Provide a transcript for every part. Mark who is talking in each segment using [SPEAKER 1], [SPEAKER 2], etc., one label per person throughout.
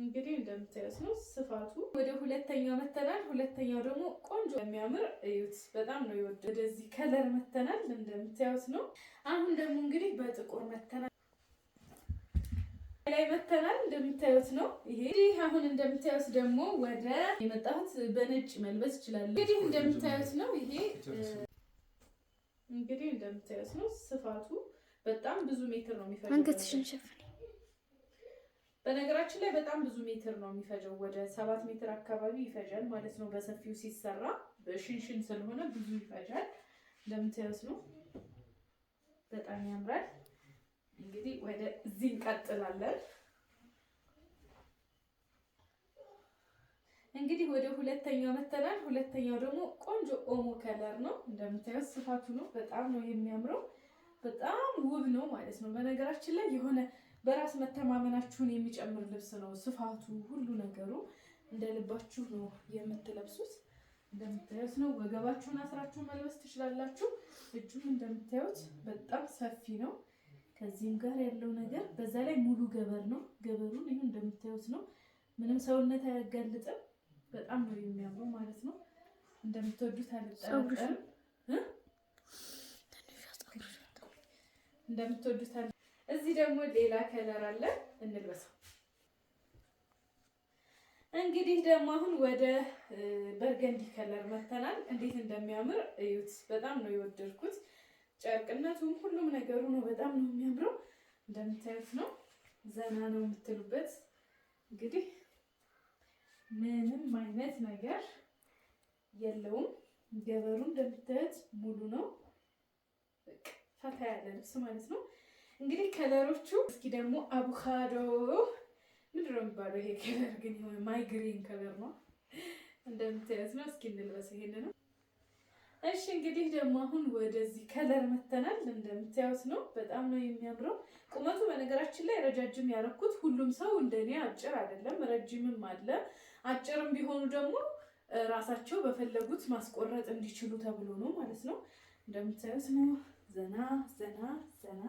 [SPEAKER 1] እንግዲህ እንደምታዩት ነው ስፋቱ። ወደ ሁለተኛው መተናል። ሁለተኛው ደግሞ ቆንጆ የሚያምር እዩት፣ በጣም ነው የወደ ወደዚህ ከለር መተናል። እንደምታዩት ነው። አሁን ደግሞ እንግዲህ በጥቁር መተናል ላይ መተናል። እንደምታዩት ነው ይሄ። አሁን እንደምታዩት ደግሞ ወደ የመጣሁት በነጭ መልበስ ይችላል። እንግዲህ እንደምታዩት ነው ይሄ። እንግዲህ እንደምታዩት ነው ስፋቱ በጣም ብዙ ሜትር ነው የሚፈልገው። አንገትሽን ሸፍን በነገራችን ላይ በጣም ብዙ ሜትር ነው የሚፈጀው። ወደ ሰባት ሜትር አካባቢ ይፈጃል ማለት ነው። በሰፊው ሲሰራ በሽንሽን ስለሆነ ብዙ ይፈጃል። እንደምታዩት ነው። በጣም ያምራል። እንግዲህ ወደ እዚህ እንቀጥላለን። እንግዲህ ወደ ሁለተኛው መተናል። ሁለተኛው ደግሞ ቆንጆ ኦሞ ከለር ነው። እንደምታዩት ስፋቱ ነው። በጣም ነው የሚያምረው። በጣም ውብ ነው ማለት ነው። በነገራችን ላይ የሆነ በራስ መተማመናችሁን የሚጨምር ልብስ ነው። ስፋቱ፣ ሁሉ ነገሩ እንደ ልባችሁ ነው የምትለብሱት። እንደምታዩት ነው። ወገባችሁን አስራችሁ መልበስ ትችላላችሁ። እጁም እንደምታዩት በጣም ሰፊ ነው። ከዚህም ጋር ያለው ነገር በዛ ላይ ሙሉ ገበር ነው። ገበሩን ይሁን እንደምታዩት ነው። ምንም ሰውነት አያጋልጥም። በጣም ነው የሚያምረው ማለት ነው። እንደምትወዱት አልጠራጠርም። እንደምትወዱት እዚህ ደግሞ ሌላ ከለር አለ እንልበሰው። እንግዲህ ደግሞ አሁን ወደ በርገንዲ ከለር መተናል። እንዴት እንደሚያምር እዩት። በጣም ነው የወደድኩት። ጨርቅነቱም ሁሉም ነገሩ ነው። በጣም ነው የሚያምረው። እንደምታዩት ነው። ዘና ነው የምትሉበት። እንግዲህ ምንም አይነት ነገር የለውም። ገበሩ እንደምታዩት ሙሉ ነው። ፈታ ያለ ልብስ ማለት ነው። እንግዲህ ከለሮቹ እስኪ ደግሞ አቡካዶ ምንድን ነው የሚባለው? ይሄ ከለር ግን የሆነ ማይግሪን ከለር ነው እንደምታያት ነው። እስኪ እንልበስ ይሄን ነው። እሺ እንግዲህ ደግሞ አሁን ወደዚህ ከለር መተናል። እንደምታዩት ነው። በጣም ነው የሚያምረው። ቁመቱ በነገራችን ላይ ረጃጅም ያረኩት ሁሉም ሰው እንደኔ አጭር አይደለም፣ ረጅምም አለ። አጭርም ቢሆኑ ደግሞ ራሳቸው በፈለጉት ማስቆረጥ እንዲችሉ ተብሎ ነው ማለት ነው። እንደምታዩት ነው። ዘና ዘና ዘና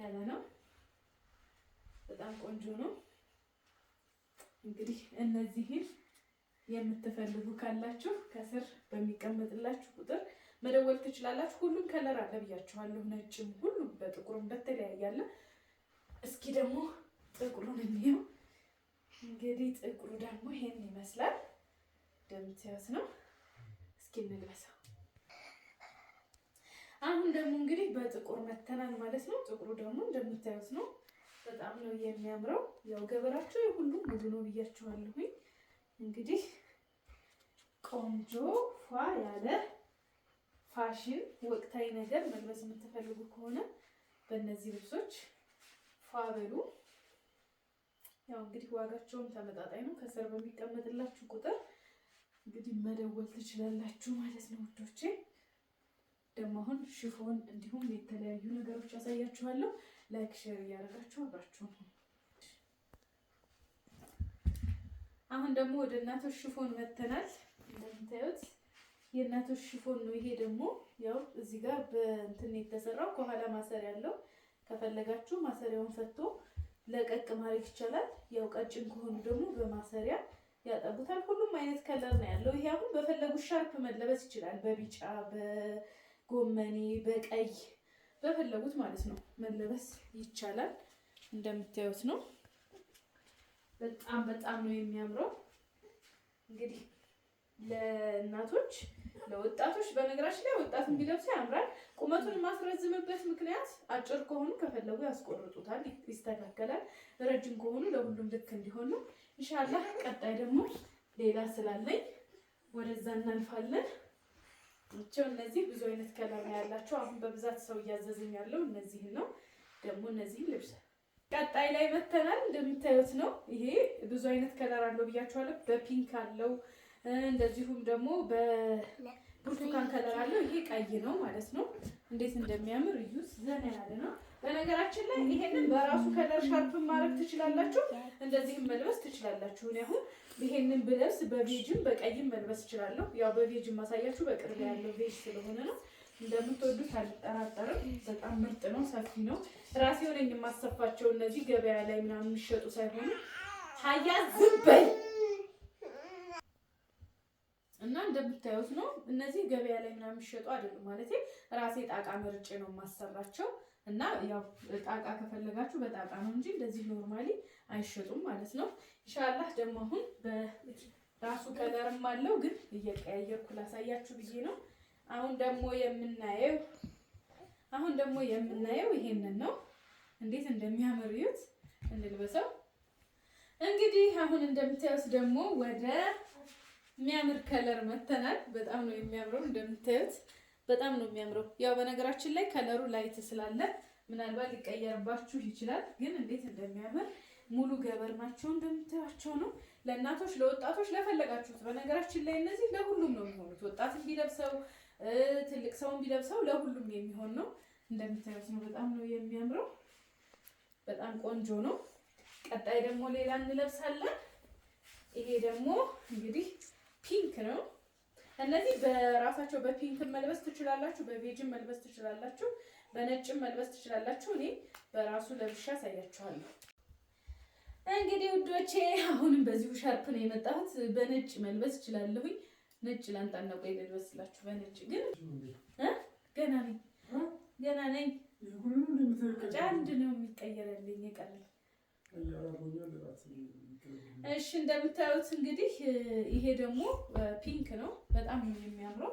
[SPEAKER 1] ያለ ነው። በጣም ቆንጆ ነው። እንግዲህ እነዚህን የምትፈልጉ ካላችሁ ከስር በሚቀመጥላችሁ ቁጥር መደወል ትችላላችሁ። ሁሉም ከለር አለ ብያችኋለሁ። ነጭም፣ ሁሉም በጥቁርም በተለያየ እስኪ ደግሞ ጥቁሩን እንየው። እንግዲህ ጥቁሩ ደግሞ ይሄን ይመስላል። እንደምታዩት ነው። እስኪ እንግለሰው አሁን ደግሞ እንግዲህ በጥቁር መተናል ማለት ነው። ጥቁሩ ደግሞ እንደምታዩት ነው። በጣም ነው የሚያምረው። ያው ገበራቸው የሁሉም ሙሉ ነው ብያችኋለሁኝ። እንግዲህ ቆንጆ ፏ ያለ ፋሽን ወቅታዊ ነገር መልበስ የምትፈልጉ ከሆነ በእነዚህ ልብሶች ፏ በሉ። ያው እንግዲህ ዋጋቸውም ተመጣጣኝ ነው። ከስር በሚቀመጥላችሁ ቁጥር እንግዲህ መደወል ትችላላችሁ ማለት ነው ውዶቼ። ደግሞ አሁን ሽፎን እንዲሁም የተለያዩ ነገሮች ያሳያችኋለሁ። ላይክ ሼር እያደረጋችሁ አብራችሁ አሁን ደግሞ ወደ እናቶች ሽፎን መተናል። እንደምታዩት የእናቶች ሽፎን ነው። ይሄ ደግሞ ያው እዚህ ጋር በእንትን የተሰራው ከኋላ ማሰሪያ ያለው ከፈለጋችሁ ማሰሪያውን ፈቶ ለቀቅ ማድረግ ይቻላል። ያው ቀጭን ከሆኑ ደግሞ በማሰሪያ ያጠቡታል። ሁሉም አይነት ከለር ነው ያለው። ይሄ አሁን በፈለጉ ሻርፕ መለበስ ይችላል። በቢጫ በ ጎመኔ በቀይ በፈለጉት ማለት ነው መለበስ ይቻላል። እንደምታዩት ነው። በጣም በጣም ነው የሚያምረው። እንግዲህ ለእናቶች ለወጣቶች፣ በነገራችን ላይ ወጣት ቢለብሱ ያምራል። ቁመቱን የማስረዝምበት ምክንያት አጭር ከሆኑ ከፈለጉ ያስቆርጡታል፣ ይስተካከላል። ረጅም ከሆኑ ለሁሉም ልክ እንዲሆን ነው። ኢንሻላህ ቀጣይ ደግሞ ሌላ ስላለኝ ወደዛ እናልፋለን። ናቸው። እነዚህ ብዙ አይነት ከለር ነው ያላቸው። አሁን በብዛት ሰው እያዘዘኝ ያለው እነዚህን ነው። ደግሞ እነዚህ ልብስ ቀጣይ ላይ መተናል። እንደምታዩት ነው። ይሄ ብዙ አይነት ከለር አለው ብያቸዋለሁ። በፒንክ አለው፣ እንደዚሁም ደግሞ በብርቱካን ከለር አለው። ይሄ ቀይ ነው ማለት ነው። እንዴት እንደሚያምር እዩት። ዘና ያለ ነው። በነገራችን ላይ ይሄንን በራሱ ከለር ሻርፕ ማድረግ ትችላላችሁ፣ እንደዚህም መልበስ ትችላላችሁ። አሁን ይሄንን ብለብስ በቬጅም በቀይም መልበስ እችላለሁ። ያው በቬጅም ማሳያችሁ በቅርብ ያለው ቬጅ ስለሆነ ነው። እንደምትወዱት አልጠራጠርም። በጣም ምርጥ ነው፣ ሰፊ ነው። ራሴ ሆነ የማሰፋቸው እነዚህ ገበያ ላይ ምናምን የሚሸጡ ሳይሆኑ ሀያ ዝንበይ እና እንደምታዩት ነው። እነዚህ ገበያ ላይ ምናምን የሚሸጡ አይደሉም ማለት ራሴ ጣቃ መርጬ ነው የማሰራቸው። እና ያው ጣቃ ከፈለጋችሁ በጣቃ ነው እንጂ እንደዚህ ኖርማሊ አይሸጡም ማለት ነው። ኢንሻላህ ደግሞ አሁን በራሱ ከለርም አለው ግን እየቀያየርኩ ላሳያችሁ ብዬ ነው። አሁን ደግሞ የምናየው አሁን ደግሞ የምናየው ይሄንን ነው። እንዴት እንደሚያምር እዩት። እንልበሰው እንግዲህ አሁን እንደምታዩት ደግሞ ወደ የሚያምር ከለር መተናል። በጣም ነው የሚያምረው እንደምታዩት በጣም ነው የሚያምረው። ያው በነገራችን ላይ ከለሩ ላይት ስላለ ምናልባት ሊቀየርባችሁ ይችላል፣ ግን እንዴት እንደሚያምር ሙሉ ገበር ናቸው እንደምታያቸው ነው። ለእናቶች፣ ለወጣቶች፣ ለፈለጋችሁት። በነገራችን ላይ እነዚህ ለሁሉም ነው የሚሆኑት። ወጣት ቢለብሰው፣ ትልቅ ሰውን ቢለብሰው ለሁሉም የሚሆን ነው። እንደምታዩት ነው። በጣም ነው የሚያምረው። በጣም ቆንጆ ነው። ቀጣይ ደግሞ ሌላ እንለብሳለን። ይሄ ደግሞ እንግዲህ ፒንክ ነው። እነዚህ በራሳቸው በፒንክ መልበስ ትችላላችሁ፣ በቤጅ መልበስ ትችላላችሁ፣ በነጭ መልበስ ትችላላችሁ። እኔ በራሱ ለብሻ አሳያችኋለሁ። እንግዲህ ውዶቼ አሁንም በዚሁ ሻርፕ ነው የመጣሁት። በነጭ መልበስ እችላለሁኝ። ነጭ ነው ቆይ ልበስላችሁ። በነጭ ግን ገና ነኝ ገና ነኝ። አንድ ነው የሚቀየረልኝ የቀረኝ እሺ እንደምታዩት እንግዲህ ይሄ ደግሞ ፒንክ ነው። በጣም ነው የሚያምረው።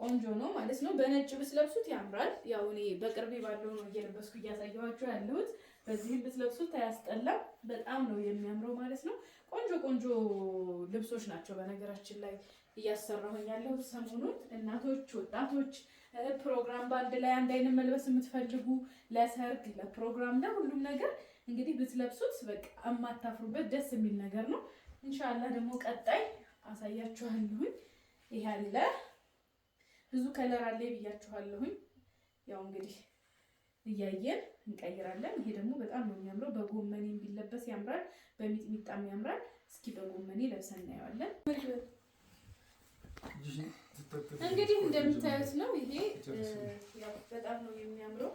[SPEAKER 1] ቆንጆ ነው ማለት ነው። በነጭ ብትለብሱት ያምራል። ያው እኔ በቅርቤ ባለው ነው እየለበስኩ እያሳየኋቸው ያለሁት። በዚህም ብትለብሱት አያስጠላም። በጣም ነው የሚያምረው ማለት ነው። ቆንጆ ቆንጆ ልብሶች ናቸው። በነገራችን ላይ እያሰራሁኝ ያለሁት ሰሞኑን እናቶች፣ ወጣቶች ፕሮግራም በአንድ ላይ አንድ አይነት መልበስ የምትፈልጉ ለሰርግ፣ ለፕሮግራም፣ ለሁሉም ነገር እንግዲህ ብትለብሱት በቃ የማታፍሩበት ደስ የሚል ነገር ነው። እንሻላ ደግሞ ቀጣይ አሳያችኋለሁኝ። ይሄ አለ ብዙ ከለር አለ ብያችኋለሁኝ። ያው እንግዲህ እያየን እንቀይራለን። ይሄ ደግሞ በጣም ነው የሚያምረው። በጎመኔ ቢለበስ ያምራል፣ በሚጥሚጣም ያምራል። እስኪ በጎመኔ ለብሰን እናየዋለን። እንግዲህ እንደምታዩት ነው። ይሄ በጣም ነው የሚያምረው።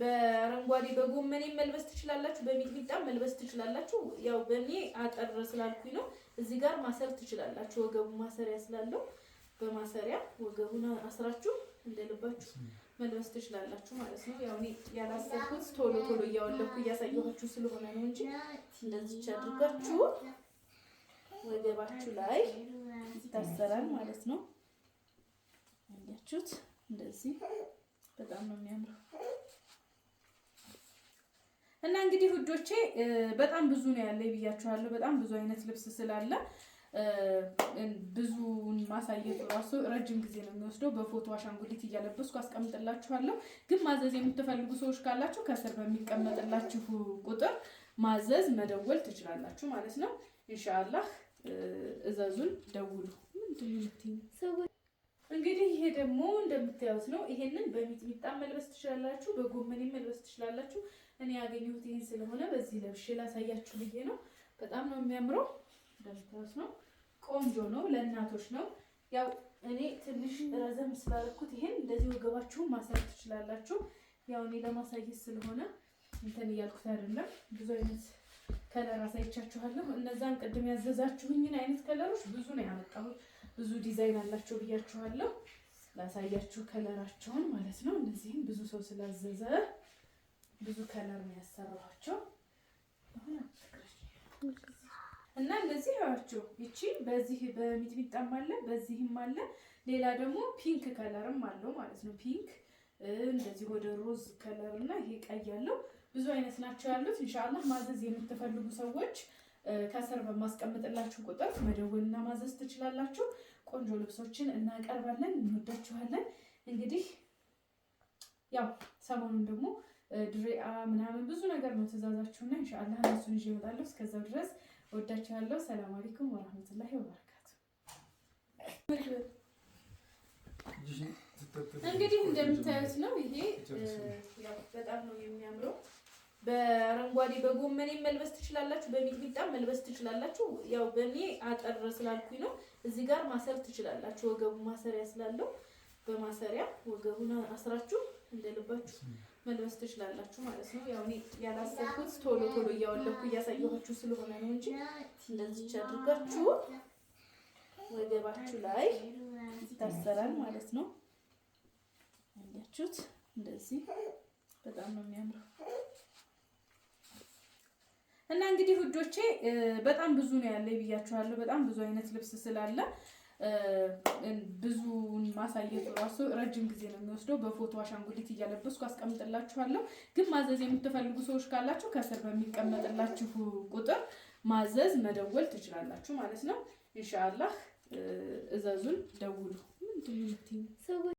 [SPEAKER 1] በአረንጓዴ በጎመኔ መልበስ ትችላላችሁ፣ በሚጥሚጣ መልበስ ትችላላችሁ። ያው በእኔ አጠር ስላልኩኝ ነው። እዚህ ጋር ማሰር ትችላላችሁ። ወገቡ ማሰሪያ ስላለው በማሰሪያ ወገቡን አስራችሁ እንደልባችሁ መልበስ ትችላላችሁ ማለት ነው። ያው እኔ ያላሰርኩት ቶሎ ቶሎ እያወለኩ እያሳየኋችሁ ስለሆነ ነው እንጂ እንደዚህ አድርጋችሁ ወገባችሁ ላይ ይታሰራል ማለት ነው። እንዳችሁት እንደዚህ በጣም ነው የሚያምረው። እና እንግዲህ ውዶቼ በጣም ብዙ ነው ያለ ብያችኋለሁ። በጣም ብዙ አይነት ልብስ ስላለ ብዙን ማሳየቱ ራሱ ረጅም ጊዜ ነው የሚወስደው። በፎቶ አሻንጉሊት እያለበስኩ አስቀምጥላችኋለሁ። ግን ማዘዝ የምትፈልጉ ሰዎች ካላችሁ ከስር በሚቀመጥላችሁ ቁጥር ማዘዝ መደወል ትችላላችሁ ማለት ነው። ኢንሻአላህ እዘዙን፣ ደውሉ። እንግዲህ ይሄ ደግሞ እንደምታዩት ነው። ይሄንን በሚጥሚጣ መልበስ ትችላላችሁ፣ በጎመኔ መልበስ ትችላላችሁ። እኔ ያገኘሁት ይሄን ስለሆነ በዚህ ለብሼ ላሳያችሁ ብዬ ነው። በጣም ነው የሚያምረው። እንደምታዩት ነው። ቆንጆ ነው። ለእናቶች ነው። ያው እኔ ትንሽ ረዘም ስላደረኩት ይሄን እንደዚህ ወገባችሁን ማሳየት ትችላላችሁ። ያው እኔ ለማሳየት ስለሆነ እንትን እያልኩት አይደለም። ብዙ አይነት ከለር አሳይቻችኋለሁ። እነዛን ቅድም ያዘዛችሁኝን አይነት ከለሮች ብዙ ነው ያመጣሁት። ብዙ ዲዛይን አላቸው ብያችኋለሁ። ላሳያችሁ ከለራቸውን ማለት ነው። እነዚህም ብዙ ሰው ስላዘዘ ብዙ ከለር ነው ያሰራኋቸው እና እነዚህ ያቸው ይቺ በዚህ በሚጥሚጣም አለ በዚህም አለ። ሌላ ደግሞ ፒንክ ከለርም አለው ማለት ነው። ፒንክ እንደዚህ ወደ ሮዝ ከለር እና ይሄ ቀይ ብዙ አይነት ናቸው ያሉት። ኢንሻአላህ ማዘዝ የምትፈልጉ ሰዎች ከስር በማስቀምጥላችሁ ቁጥር መደወልና ማዘዝ ትችላላችሁ። ቆንጆ ልብሶችን እናቀርባለን። እንወዳችኋለን። እንግዲህ ያው ሰሞኑን ደግሞ ድሬአ ምናምን ብዙ ነገር ነው ትእዛዛችሁና፣ እንሻላ እነሱን ይዤ እመጣለሁ። እስከዛው ድረስ ወዳችኋለሁ። ሰላም አለይኩም ወራህመቱላሂ ወበረካቱ። እንግዲህ እንደምታዩት ነው ይሄ በጣም ነው የሚያምረው። በአረንጓዴ በጎመኔ መልበስ ትችላላችሁ፣ በሚጥሚጣ መልበስ ትችላላችሁ። ያው በእኔ አጠር ስላልኩኝ ነው። እዚህ ጋር ማሰር ትችላላችሁ። ወገቡ ማሰሪያ ስላለው በማሰሪያ ወገቡን አስራችሁ እንደልባችሁ መልበስ ትችላላችሁ ማለት ነው። ያው እኔ ያላሰብኩት ቶሎ ቶሎ እያወለኩ እያሳየኋችሁ ስለሆነ ነው እንጂ እንደዚች አድርጋችሁ ወገባችሁ ላይ ይታሰራል ማለት ነው። ያችሁት እንደዚህ በጣም ነው የሚያምረው። እና እንግዲህ ውዶቼ በጣም ብዙ ነው ያለ ብያችኋለሁ። በጣም ብዙ አይነት ልብስ ስላለ ብዙን ማሳየቱ ራሱ ረጅም ጊዜ ነው የሚወስደው። በፎቶ አሻንጉሊት እያለበስኩ አስቀምጥላችኋለሁ። ግን ማዘዝ የምትፈልጉ ሰዎች ካላችሁ ከስር በሚቀመጥላችሁ ቁጥር ማዘዝ መደወል ትችላላችሁ ማለት ነው። ኢንሻአላህ እዘዙን፣ ደውሉ።